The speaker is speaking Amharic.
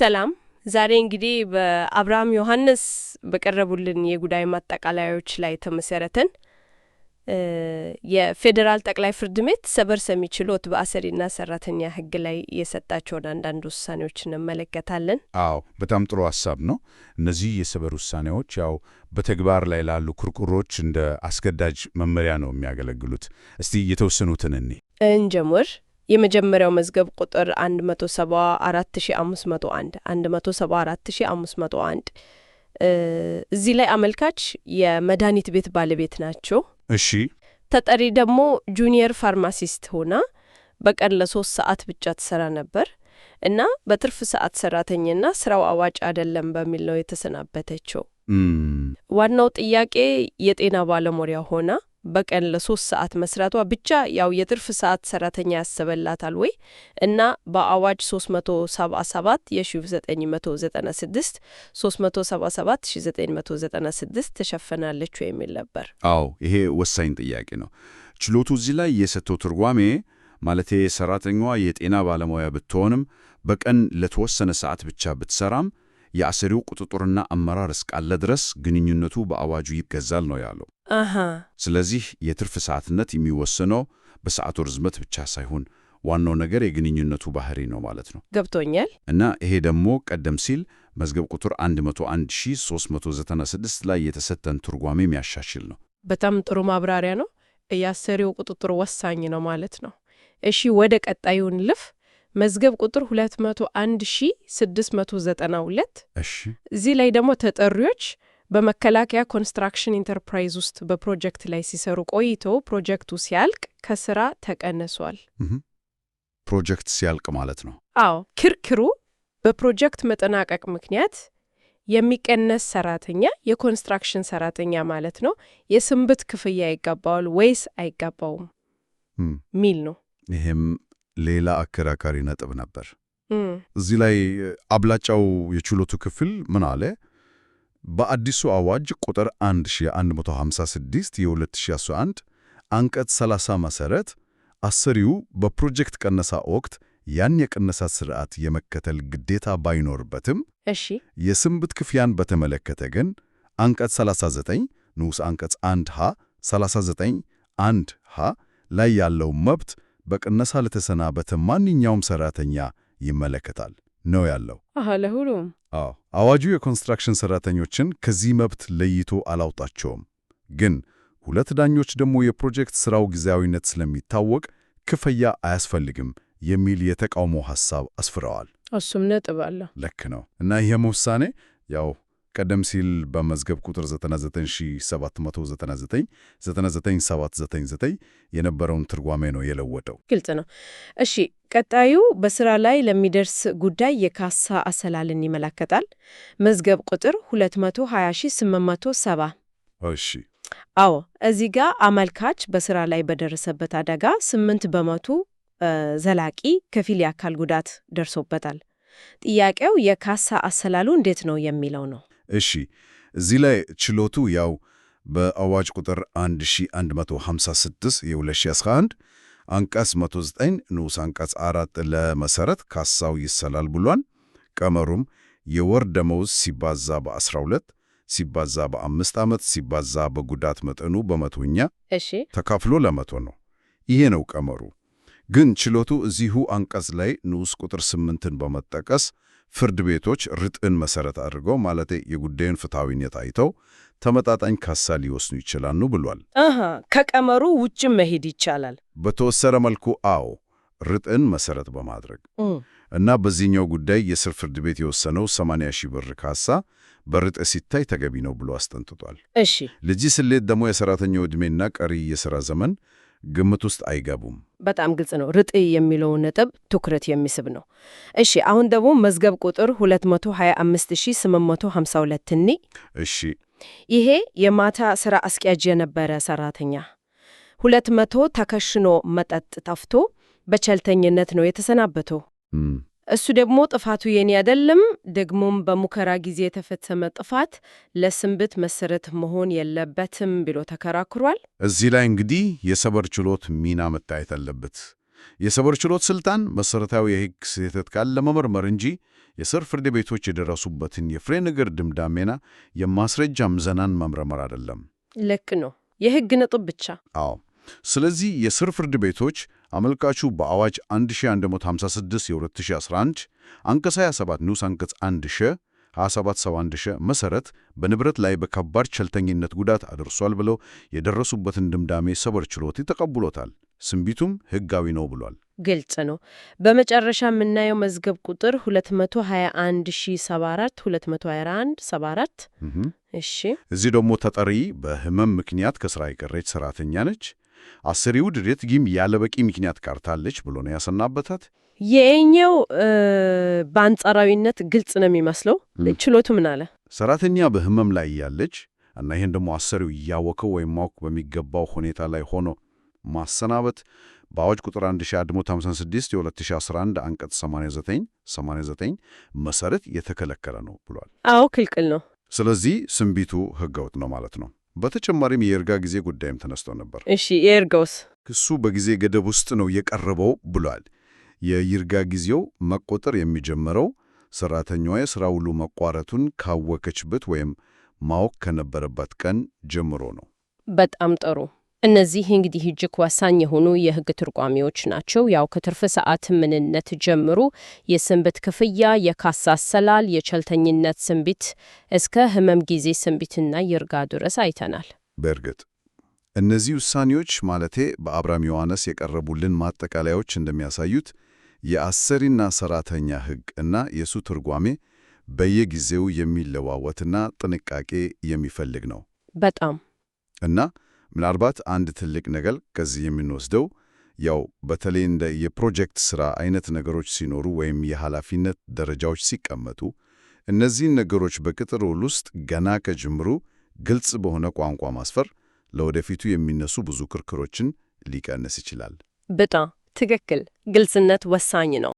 ሰላም። ዛሬ እንግዲህ በአብርሃም ዮሐንስ በቀረቡልን የጉዳይ ማጠቃለያዎች ላይ ተመሰረተን የፌዴራል ጠቅላይ ፍርድ ቤት ሰበር ሰሚ ችሎት በአሰሪና ሰራተኛ ህግ ላይ የሰጣቸውን አንዳንድ ውሳኔዎች እንመለከታለን። አዎ በጣም ጥሩ ሀሳብ ነው። እነዚህ የሰበር ውሳኔዎች ያው በተግባር ላይ ላሉ ኩርቁሮች እንደ አስገዳጅ መመሪያ ነው የሚያገለግሉት። እስቲ የተወሰኑትን እኒ እንጀምር። የመጀመሪያው መዝገብ ቁጥር 174501 እዚህ ላይ አመልካች የመድኃኒት ቤት ባለቤት ናቸው። እሺ። ተጠሪ ደግሞ ጁኒየር ፋርማሲስት ሆና በቀን ለሶስት ሰዓት ብቻ ትሰራ ነበር እና በትርፍ ሰዓት ሰራተኛና ስራው አዋጭ አይደለም በሚል ነው የተሰናበተችው። ዋናው ጥያቄ የጤና ባለሙያ ሆና በቀን ለሶስት ሰዓት መስራቷ ብቻ ያው የትርፍ ሰዓት ሰራተኛ ያሰበላታል ወይ እና በአዋጅ 377 የ1996 377 1996 ተሸፈናለች የሚል ነበር። አዎ ይሄ ወሳኝ ጥያቄ ነው። ችሎቱ እዚህ ላይ የሰጠው ትርጓሜ ማለቴ ሰራተኛዋ የጤና ባለሙያ ብትሆንም በቀን ለተወሰነ ሰዓት ብቻ ብትሰራም የአሰሪው ቁጥጥርና አመራር እስካለ ድረስ ግንኙነቱ በአዋጁ ይገዛል ነው ያለው። ስለዚህ የትርፍ ሰዓትነት የሚወሰነው በሰዓቱ ርዝመት ብቻ ሳይሆን ዋናው ነገር የግንኙነቱ ባህሪ ነው ማለት ነው። ገብቶኛል። እና ይሄ ደግሞ ቀደም ሲል መዝገብ ቁጥር 101396 ላይ የተሰጠን ትርጓሜ የሚያሻሽል ነው። በጣም ጥሩ ማብራሪያ ነው። የአሰሪው ቁጥጥር ወሳኝ ነው ማለት ነው። እሺ፣ ወደ ቀጣዩን ልፍ መዝገብ ቁጥር 201692። እዚህ ላይ ደግሞ ተጠሪዎች በመከላከያ ኮንስትራክሽን ኢንተርፕራይዝ ውስጥ በፕሮጀክት ላይ ሲሰሩ ቆይተው ፕሮጀክቱ ሲያልቅ ከስራ ተቀንሷል። ፕሮጀክት ሲያልቅ ማለት ነው። አዎ፣ ክርክሩ በፕሮጀክት መጠናቀቅ ምክንያት የሚቀነስ ሰራተኛ የኮንስትራክሽን ሰራተኛ ማለት ነው የስንብት ክፍያ ይገባዋል ወይስ አይገባውም ሚል ነው። ይህም ሌላ አከራካሪ ነጥብ ነበር። እዚህ ላይ አብላጫው የችሎቱ ክፍል ምን አለ? በአዲሱ አዋጅ ቁጥር 1156 የ2011 አንቀጽ 30 መሰረት አሰሪው በፕሮጀክት ቀነሳ ወቅት ያን የቅነሳ ስርዓት የመከተል ግዴታ ባይኖርበትም እሺ፣ የስንብት ክፍያን በተመለከተ ግን አንቀጽ 39 ንዑስ አንቀጽ 1 ሀ 39 1 ሀ ላይ ያለው መብት በቅነሳ ለተሰናበተ ማንኛውም ሰራተኛ ይመለከታል ነው ያለው። አሃ ለሁሉም? አዎ። አዋጁ የኮንስትራክሽን ሰራተኞችን ከዚህ መብት ለይቶ አላውጣቸውም። ግን ሁለት ዳኞች ደግሞ የፕሮጀክት ስራው ጊዜያዊነት ስለሚታወቅ ክፍያ አያስፈልግም የሚል የተቃውሞ ሐሳብ አስፍረዋል። እሱም ነጥብ አለ። ልክ ነው። እና ይህም ውሳኔ ያው ቀደም ሲል በመዝገብ ቁጥር 99799 የነበረውን ትርጓሜ ነው የለወጠው። ግልጽ ነው። እሺ፣ ቀጣዩ በስራ ላይ ለሚደርስ ጉዳይ የካሳ አሰላልን ይመለከታል። መዝገብ ቁጥር 220870 እሺ። አዎ፣ እዚህ ጋር አመልካች በስራ ላይ በደረሰበት አደጋ 8 በመቶ ዘላቂ ከፊል የአካል ጉዳት ደርሶበታል። ጥያቄው የካሳ አሰላሉ እንዴት ነው የሚለው ነው። እሺ እዚህ ላይ ችሎቱ ያው በአዋጅ ቁጥር 1156 የ2011 አንቀጽ 109 ንዑስ አንቀጽ 4 ለመሰረት ካሳው ይሰላል ብሏል። ቀመሩም የወር ደመወዝ ሲባዛ በ12 ሲባዛ በአምስት ዓመት ሲባዛ በጉዳት መጠኑ በመቶኛ ተካፍሎ ለመቶ ነው። ይሄ ነው ቀመሩ። ግን ችሎቱ እዚሁ አንቀጽ ላይ ንዑስ ቁጥር 8ን በመጠቀስ ፍርድ ቤቶች ርጥን መሰረት አድርገው ማለት የጉዳዩን ፍትሐዊነት አይተው ተመጣጣኝ ካሳ ሊወስኑ ይችላሉ ብሏል። ከቀመሩ ውጭም መሄድ ይቻላል። በተወሰነ መልኩ አዎ፣ ርጥን መሰረት በማድረግ እና በዚህኛው ጉዳይ የስር ፍርድ ቤት የወሰነው 80 ሺህ ብር ካሳ በርጥ ሲታይ ተገቢ ነው ብሎ አስጠንጥጧል። እሺ፣ ስሌት ደግሞ የሰራተኛው ዕድሜና ቀሪ የሥራ ዘመን ግምት ውስጥ አይገቡም። በጣም ግልጽ ነው። ርጥ የሚለውን ነጥብ ትኩረት የሚስብ ነው። እሺ አሁን ደግሞ መዝገብ ቁጥር 225852 ኒ እሺ ይሄ የማታ ስራ አስኪያጅ የነበረ ሰራተኛ 200 መቶ ተከሽኖ መጠጥ ጠፍቶ በቸልተኝነት ነው የተሰናበተው። እሱ ደግሞ ጥፋቱ የኔ አይደለም፣ ደግሞም በሙከራ ጊዜ የተፈጸመ ጥፋት ለስንብት መሰረት መሆን የለበትም ብሎ ተከራክሯል። እዚህ ላይ እንግዲህ የሰበር ችሎት ሚና መታየት አለበት። የሰበር ችሎት ስልጣን መሰረታዊ የህግ ስህተት ቃል ለመመርመር እንጂ የስር ፍርድ ቤቶች የደረሱበትን የፍሬ ነገር ድምዳሜና የማስረጃ ምዘናን መምረመር አይደለም። ልክ ነው፣ የህግ ነጥብ ብቻ። አዎ። ስለዚህ የስር ፍርድ ቤቶች አመልካቹ በአዋጅ 1156 የ2011 አንቀጽ 27 ንዑስ አንቀጽ 1 ሸ 2771 ሸ መሰረት በንብረት ላይ በከባድ ቸልተኝነት ጉዳት አድርሷል ብለው የደረሱበትን ድምዳሜ ሰበር ችሎት ተቀብሎታል። ስንቢቱም ሕጋዊ ነው ብሏል። ግልጽ ነው። በመጨረሻ የምናየው መዝገብ ቁጥር 221074 እሺ። እዚህ ደግሞ ተጠሪ በህመም ምክንያት ከስራ የቀረች ሰራተኛ ነች። አስሪው ድሬት ጊም ያለ በቂ ምክንያት ቀርታለች ብሎ ነው ያሰናበታት። የኛው በአንጻራዊነት ግልጽ ነው የሚመስለው። ችሎቱ ምን አለ? ሰራተኛ በህመም ላይ ያለች እና ይህን ደግሞ አሰሪው እያወቀው ወይም ማወቅ በሚገባው ሁኔታ ላይ ሆኖ ማሰናበት በአዋጅ ቁጥር 1156 የ2011 አንቀጽ 89 89 መሰረት የተከለከለ ነው ብሏል። አዎ ክልክል ነው። ስለዚህ ስንቢቱ ህገወጥ ነው ማለት ነው። በተጨማሪም የይርጋ ጊዜ ጉዳይም ተነስቶ ነበር። እሺ፣ የይርጋውስ ክሱ በጊዜ ገደብ ውስጥ ነው የቀረበው ብሏል። የይርጋ ጊዜው መቆጠር የሚጀመረው ሰራተኛዋ የሥራ ውሉ መቋረቱን ካወከችበት ወይም ማወቅ ከነበረበት ቀን ጀምሮ ነው። በጣም ጥሩ። እነዚህ እንግዲህ እጅግ ወሳኝ የሆኑ የህግ ትርጓሜዎች ናቸው። ያው ከትርፍ ሰዓት ምንነት ጀምሮ የስንብት ክፍያ፣ የካሳ አሰላል፣ የቸልተኝነት ስንቢት እስከ ህመም ጊዜ ስንቢትና ይርጋ ድረስ አይተናል። በእርግጥ እነዚህ ውሳኔዎች ማለቴ በአብርሃም ዮሐንስ የቀረቡልን ማጠቃለያዎች እንደሚያሳዩት የአሰሪና ሰራተኛ ህግ እና የሱ ትርጓሜ በየጊዜው የሚለዋወትና ጥንቃቄ የሚፈልግ ነው። በጣም እና ምናልባት አንድ ትልቅ ነገር ከዚህ የምንወስደው ያው በተለይ እንደ የፕሮጀክት ስራ አይነት ነገሮች ሲኖሩ ወይም የኃላፊነት ደረጃዎች ሲቀመጡ እነዚህን ነገሮች በቅጥር ውል ውስጥ ገና ከጅምሩ ግልጽ በሆነ ቋንቋ ማስፈር ለወደፊቱ የሚነሱ ብዙ ክርክሮችን ሊቀንስ ይችላል። በጣም ትክክል። ግልጽነት ወሳኝ ነው።